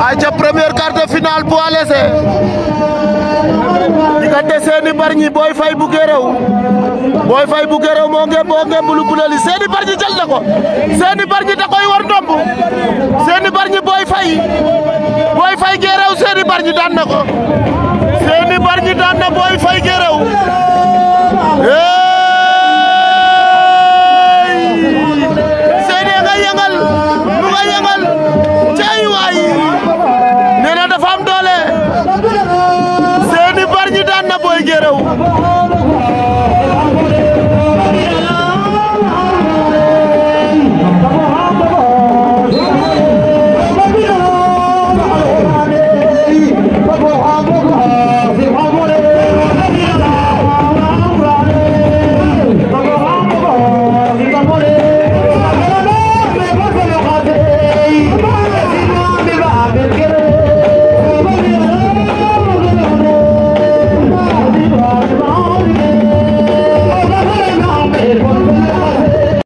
a première quart de finale poids léger diggante Seny Bargny Boy Faye bu Guéréo Boy Faye bu Guéréo moo ngi moo ngi lu bulali Seny Bargny jël na ko Seny Bargny da koy war ndomb Seny Bargny Boy Faye Boy Faye Guéréo Seny Bargny daan na ko eu.